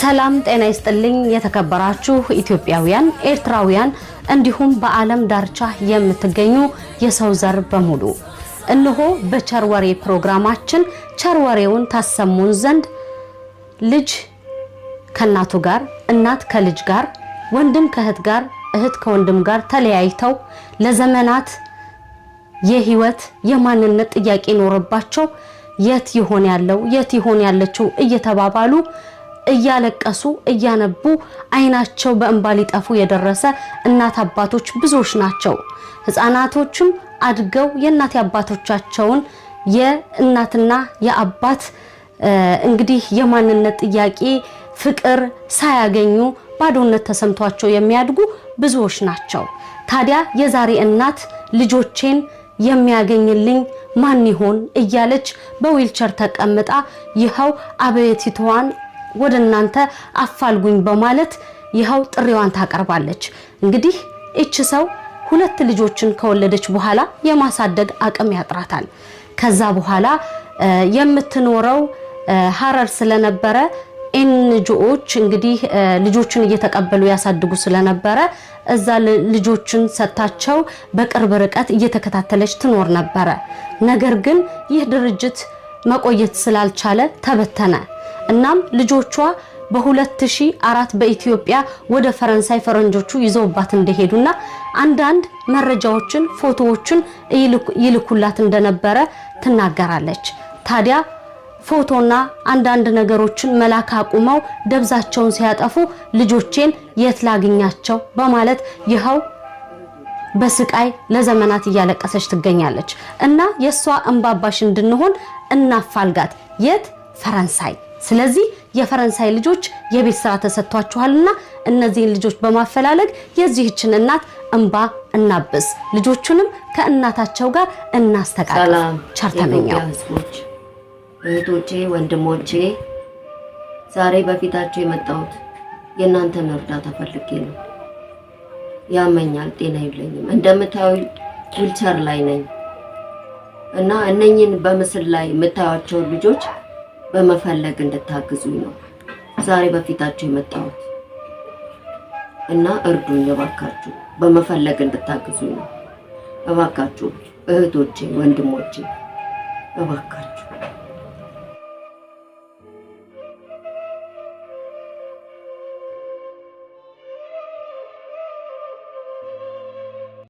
ሰላም ጤና ይስጥልኝ። የተከበራችሁ ኢትዮጵያውያን፣ ኤርትራውያን እንዲሁም በዓለም ዳርቻ የምትገኙ የሰው ዘር በሙሉ እነሆ በቸርወሬ ፕሮግራማችን ቸርወሬውን ታሰሙን ዘንድ ልጅ ከእናቱ ጋር፣ እናት ከልጅ ጋር፣ ወንድም ከእህት ጋር፣ እህት ከወንድም ጋር ተለያይተው ለዘመናት የህይወት የማንነት ጥያቄ ኖረባቸው የት ይሆን ያለው የት ይሆን ያለችው እየተባባሉ እያለቀሱ እያነቡ አይናቸው በእንባ ሊጠፉ የደረሰ እናት አባቶች ብዙዎች ናቸው። ህፃናቶችም አድገው የእናት አባቶቻቸውን የእናትና የአባት እንግዲህ የማንነት ጥያቄ ፍቅር ሳያገኙ ባዶነት ተሰምቷቸው የሚያድጉ ብዙዎች ናቸው። ታዲያ የዛሬ እናት ልጆቼን የሚያገኝልኝ ማን ይሆን እያለች በዊልቸር ተቀምጣ ይኸው አበየቲቷን ወደ እናንተ አፋልጉኝ በማለት ይኸው ጥሪዋን ታቀርባለች። እንግዲህ እች ሰው ሁለት ልጆችን ከወለደች በኋላ የማሳደግ አቅም ያጥራታል። ከዛ በኋላ የምትኖረው ሀረር ስለነበረ ኤንጂኦዎች እንግዲህ ልጆችን እየተቀበሉ ያሳድጉ ስለነበረ እዛ ልጆችን ሰጥታቸው በቅርብ ርቀት እየተከታተለች ትኖር ነበረ። ነገር ግን ይህ ድርጅት መቆየት ስላልቻለ ተበተነ። እናም ልጆቿ በ2004 በኢትዮጵያ ወደ ፈረንሳይ ፈረንጆቹ ይዘውባት እንደሄዱና አንዳንድ መረጃዎችን ፎቶዎችን ይልኩላት እንደነበረ ትናገራለች። ታዲያ ፎቶና አንዳንድ ነገሮችን መላክ አቁመው ደብዛቸውን ሲያጠፉ ልጆቼን የት ላግኛቸው በማለት ይኸው በስቃይ ለዘመናት እያለቀሰች ትገኛለች። እና የእሷ እንባባሽ እንድንሆን እናፋልጋት። የት? ፈረንሳይ ስለዚህ የፈረንሳይ ልጆች የቤት ስራ ተሰጥቷችኋልና እነዚህን ልጆች በማፈላለግ የዚህችን እናት እንባ እናብስ፣ ልጆቹንም ከእናታቸው ጋር እናስተቃቅል። ቸርተመኛው እህቶቼ፣ ወንድሞቼ ዛሬ በፊታቸው የመጣሁት የእናንተን እርዳታ ፈልጌ ነው። ያመኛል፣ ጤና የለኝም። እንደምታዩ ዊልቸር ላይ ነኝ እና እነኝን በምስል ላይ የምታዩቸውን ልጆች በመፈለግ እንድታግዙኝ ነው ዛሬ በፊታችሁ የመጣሁት እና እርዱኝ እባካችሁ፣ በመፈለግ እንድታግዙኝ ነው። እባካችሁ እህቶቼ፣ ወንድሞቼ እባካችሁ